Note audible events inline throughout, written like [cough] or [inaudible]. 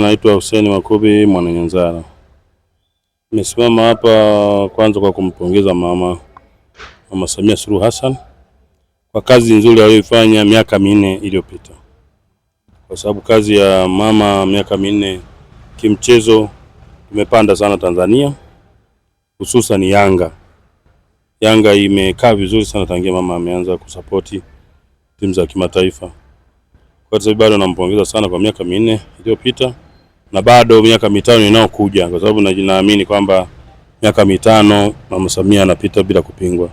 Naitwa Hussein Makubi Mwananyanzara. Nimesimama hapa kwanza kwa kumpongeza mama Mama Samia Suluhu Hassan kwa kazi nzuri aliyoifanya miaka minne iliyopita, kwa sababu kazi ya mama miaka minne kimchezo imepanda sana Tanzania, hususan Yanga. Yanga imekaa vizuri sana tangia mama ameanza kusapoti timu za kimataifa, kwa sababu bado nampongeza sana kwa miaka minne iliyopita na bado miaka mitano inayokuja, kwa sababu naamini kwamba miaka mitano Mama Samia anapita bila kupingwa.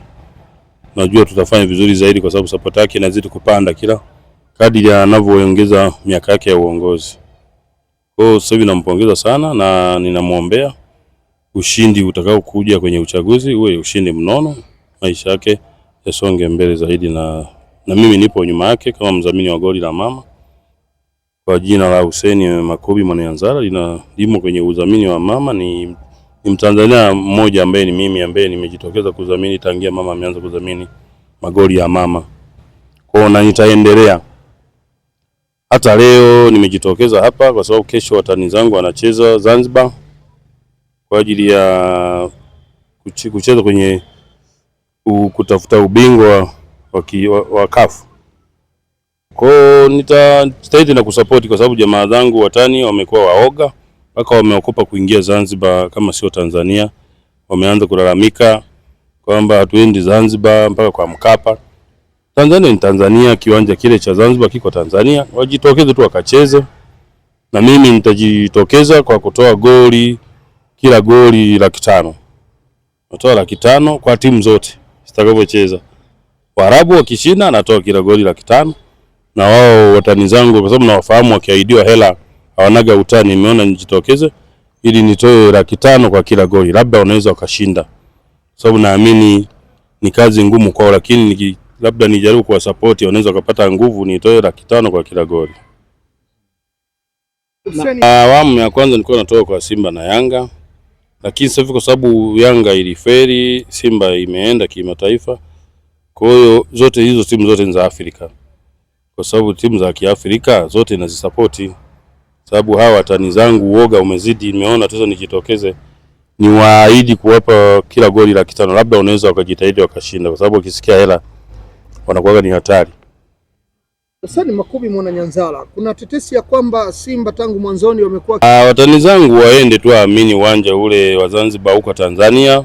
Najua tutafanya vizuri zaidi, kwa sababu sapoti yake inazidi kupanda kila kadri anavyoongeza miaka yake ya uongozi. Kwa hiyo sasa hivi nampongeza sana na ninamwombea ushindi utakao kuja kwenye uchaguzi uwe ushindi mnono, maisha yake yasonge mbele zaidi, na na mimi nipo nyuma yake kama mdhamini wa goli la mama kwa jina la huseni Makubi Mwananzala linalimo kwenye udhamini wa mama. Ni, ni Mtanzania mmoja ambaye ni mimi ambaye nimejitokeza kudhamini tangia mama ameanza kudhamini magoli ya mama kwao, na nitaendelea hata leo nimejitokeza hapa kwa sababu kesho watani zangu wanacheza Zanzibar kwa ajili ya kucheza kwenye kutafuta ubingwa wa, wa, wa, wa kafu kwa Kwao nitajitahidi na kusapoti kwa sababu jamaa zangu watani wamekuwa waoga mpaka wameokopa kuingia Zanzibar kama sio Tanzania. Wameanza kulalamika kwamba hatuendi Zanzibar mpaka kwa Mkapa. Tanzania ni Tanzania, kiwanja kile cha Zanzibar kiko Tanzania, wajitokeze tu wakacheze, na mimi nitajitokeza kwa kutoa goli, kila goli laki tano. Natoa laki tano kwa timu zote zitakavyocheza. Waarabu wakishinda, natoa kila goli laki tano na wao watani zangu, kwa sababu nawafahamu, wakiahidiwa hela hawanaga utani. Nimeona nijitokeze ili nitoe laki tano kwa kila goli, labda wanaweza wakashinda, sababu naamini ni kazi ngumu kwao, lakini niki, labda nijaribu kuwasapoti, wanaweza wakapata nguvu, nitoe laki tano kwa kila goli. Awamu ya kwanza nilikuwa natoka kwa Simba na Yanga, lakini sasa hivi kwa sababu Yanga iliferi, Simba imeenda kimataifa, kwa hiyo zote hizo timu zote ni za Afrika kwa sababu timu za Kiafrika zote nazisapoti, sababu hawa watani zangu uoga umezidi. Nimeona tuzo nijitokeze, niwaahidi kuwapa kila goli laki tano, labda unaweza wakajitahidi wakashinda, kwa sababu ukisikia hela wanakuwaga ni hatari. Sasa ni Makubi mwana Nyanzala, kuna tetesi ya kwamba Simba tangu mwanzoni wamekuwa ah, watani zangu waende tu waamini uwanja ule wa Zanzibar huko Tanzania,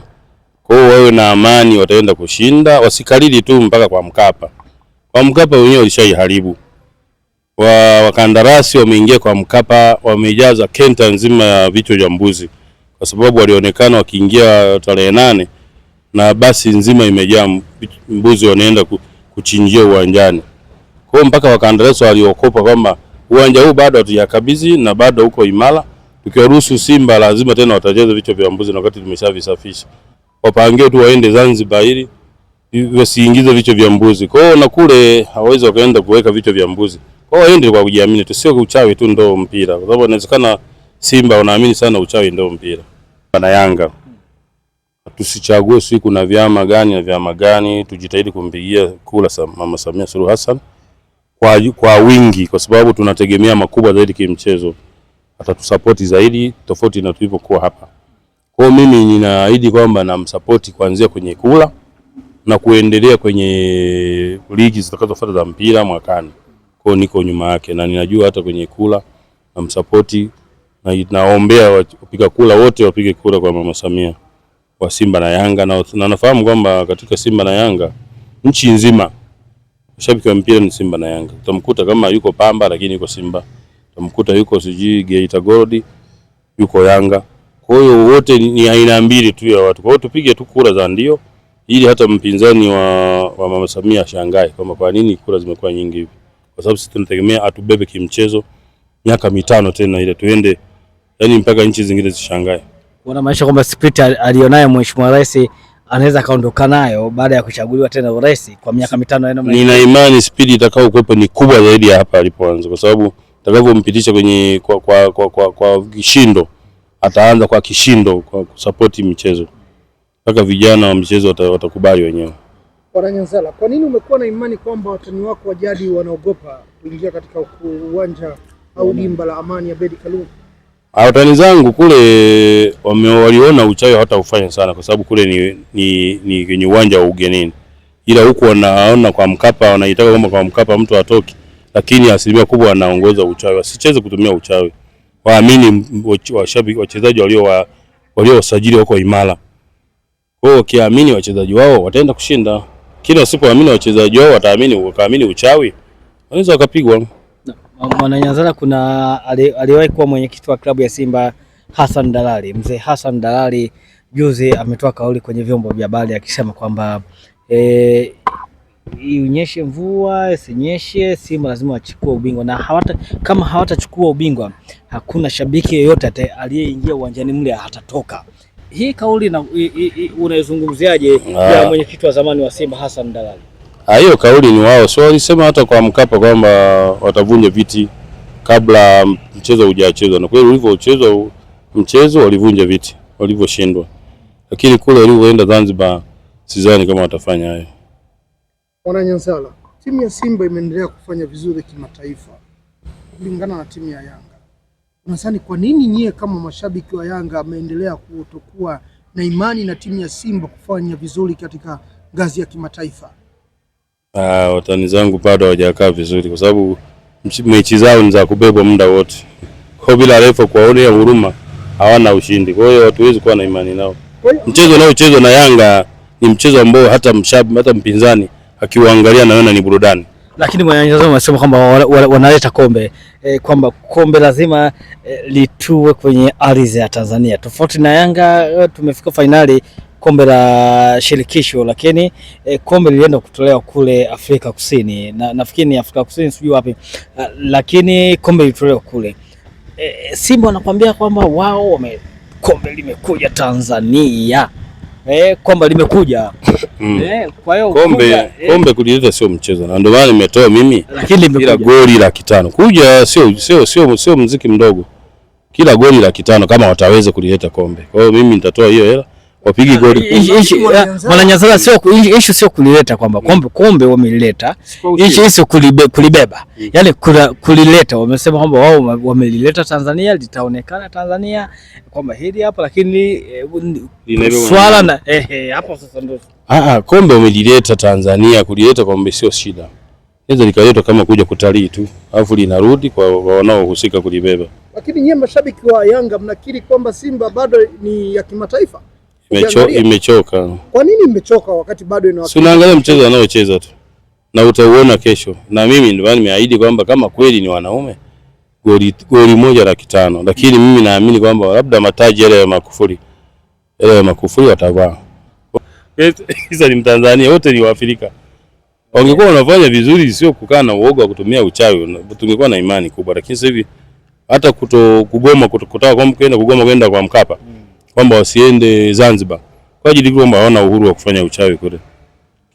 kwa hiyo wawe na amani, wataenda kushinda, wasikalili tu mpaka kwa Mkapa kwa Mkapa wenyewe walishaiharibu wa wakandarasi wameingia kwa Mkapa, wamejaza kenta nzima ya vichwa vya mbuzi, kwa sababu walionekana wakiingia tarehe nane na basi nzima imejaa mbuzi wanaenda kuchinjia uwanjani. kwao. mpaka wakandarasi waliokopa kwamba uwanja huu bado hatujakabidhi na bado uko imara, tukiwaruhusu Simba lazima tena watacheza vichwa vya mbuzi, na wakati tumeshavisafisha wapangie tu waende Zanzibar ili wasiingize vichwa vya mbuzi. Kwa hiyo na kule hawawezi wakaenda kuweka vichwa vya mbuzi. Kwa hiyo waende kwa kujiamini tu, sio uchawi tu ndo mpira, kwa sababu inawezekana Simba wanaamini sana uchawi ndo mpira na Yanga tusichague si kuna vyama gani na vyama gani, tujitahidi kumpigia kula sa, Mama Samia Suluhu Hassan kwa, kwa wingi, kwa sababu tunategemea makubwa zaidi kimchezo. Atatusapoti zaidi tofauti na tulivyokuwa hapa. Kwa hiyo mimi ninaahidi kwamba namsapoti kuanzia kwenye kula na kuendelea kwenye ligi zitakazofuata za mpira mwakani. Kwa niko nyuma yake na ninajua hata kwenye kula na msapoti na naombea wapiga kula wote wapige kura kwa Mama Samia wa Simba na Yanga na, na nafahamu kwamba katika Simba na Yanga nchi nzima mashabiki wa mpira ni Simba na Yanga. Utamkuta kama yuko Pamba lakini yuko Simba. Utamkuta yuko sijui Geita Gold yuko Yanga. Kwa hiyo wote ni aina mbili tu ya watu. Kwa hiyo tupige tu kura za ndio ili hata mpinzani wa, wa mama Samia ashangae kwamba kwa nini kura zimekuwa nyingi hivi, kwa sababu sisi tunategemea atubebe kimchezo miaka mitano tena ile tuende yani mpaka nchi zingine zishangae. maisha kwamba spirit alionayo mheshimiwa rais anaweza kaondoka nayo baada ya kuchaguliwa tena urais kwa miaka mitano. Nina imani spidi itakao kuwepo ni kubwa zaidi ya hapa alipoanza, kwa sababu atakavyompitisha kwenye kwa, kwa, kwa, kwa, kwa kishindo ataanza kwa kishindo kwa kusapoti michezo mpaka vijana wa mchezo watakubali wenyewe. Wananyanzala, kwa nini umekuwa na imani kwamba watani wako wa jadi wanaogopa kuingia katika uwanja au dimba la Amani ya Bedi Kalumu? Ah, watani zangu kule waliona uchawi hawataufanya sana, kwa sababu kule ni, ni, kwenye uwanja wa ugenini, ila huku wanaona kwa Mkapa wanaitaka kwamba kwa Mkapa mtu atoki, lakini asilimia kubwa wanaongoza uchawi. Wasicheze kutumia uchawi, waamini wachezaji walio wasajili wako imara kwa hiyo wakiamini wachezaji wao wataenda kushinda, kila wasipoamini wachezaji wao wataamini, wakaamini uchawi, wanaweza wakapigwa. Mwananyanzara kuna aliwahi kuwa mwenyekiti wa klabu ya Simba Hassan Dalali. Mzee Hassan Dalali juzi ametoa kauli kwenye vyombo vya habari akisema kwamba e, inyeshe mvua isinyeshe, Simba lazima wachukue ubingwa na hawata, kama hawatachukua ubingwa hakuna shabiki yeyote aliyeingia uwanjani mle hatatoka. Hii kauli unaizungumziaje ah. ya mwenyekiti wa zamani wa Simba Hassan Dalali? Ah, hiyo kauli ni wao, so walisema hata kwa Mkapa kwamba watavunja viti kabla mchezo hujachezwa, na kweli ulivyochezwa mchezo walivunja viti walivyoshindwa, lakini kule walivyoenda Zanzibar sidhani kama watafanya hayo. Mwananyansala, timu ya Simba imeendelea kufanya vizuri kimataifa kulingana na timu ya Yanga Nasani, kwa nini nyie kama mashabiki wa Yanga ameendelea kutokuwa na imani na timu ya Simba kufanya vizuri katika ngazi ya kimataifa? Ah, watani zangu bado hawajakaa vizuri kwa sababu mechi zao ni za kubebwa muda wote, kwa bila refa kuwaonea huruma hawana ushindi. Kwa hiyo hatuwezi kuwa na imani nao. Mchezo unaochezwa na Yanga ni mchezo ambao hata mshabiki hata mpinzani akiuangalia naona ni burudani lakini wanyanyazo wanasema kwamba wanaleta kombe e, kwamba kombe lazima e, litue kwenye ardhi ya Tanzania. Tofauti na Yanga eh, tumefika fainali kombe la shirikisho, lakini e, kombe lilienda kutolewa kule Afrika Kusini na, nafikiri ni Afrika Kusini sijui wapi, ah, lakini kombe lilitolewa kule e, Simba wanakwambia kwamba wao wame kombe limekuja Tanzania eh, kwamba limekuja [laughs] mm. eh, kwa hiyo kombe, eh. kombe kuliweza sio mchezo, na ndio maana nimetoa mimi kila goli laki tano kuja sio, sio, sio, sio mziki mdogo, kila goli laki tano kama wataweza kulileta kombe. Kwa hiyo mimi nitatoa hiyo hela wapigi goli. Mwananyazala sio issue, sio kulileta kwamba mm. kombe kombe wamelileta issue, sio kulibe, kulibeba mm. yani kula, kulileta. Wamesema kwamba wao wamelileta Tanzania, litaonekana Tanzania kwamba hili hapa, lakini eh, swala na eh, hapo sasa ndio ah ah, kombe wamelileta Tanzania. Kulileta kombe sio shida, inaweza likaletwa kama kuja kutalii tu, alafu linarudi kwa wanaohusika kulibeba. Lakini nyie mashabiki wa Yanga mnakiri kwamba Simba bado ni ya kimataifa? Imecho, imechoka. Kwa nini imechoka wakati bado ina wakati? Unaangalia mchezo anaocheza tu na utauona kesho, na mimi ndio nimeahidi kwamba kama kweli ni wanaume goli, goli moja laki tano, lakini mimi naamini kwamba labda mataji yale ya makufuri yale ya makufuri watavaa. Sasa [laughs] ni Mtanzania wote ni Waafrika, wangekuwa wanafanya vizuri, sio kukaa na uoga wa kutumia uchawi, tungekuwa na imani kubwa, lakini sasa hivi hata kuto kugoma kwa mkenda kugoma kwenda kwa Mkapa kwamba wasiende Zanzibar kwa ajili kwamba hawana uhuru wa kufanya uchawi kule,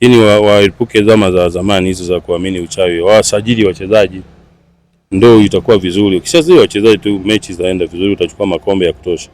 lakini waepuke wa zama za zamani hizo za kuamini uchawi, wasajili wachezaji ndio itakuwa vizuri. Ukishazidi wachezaji tu, mechi zitaenda vizuri, utachukua makombe ya kutosha.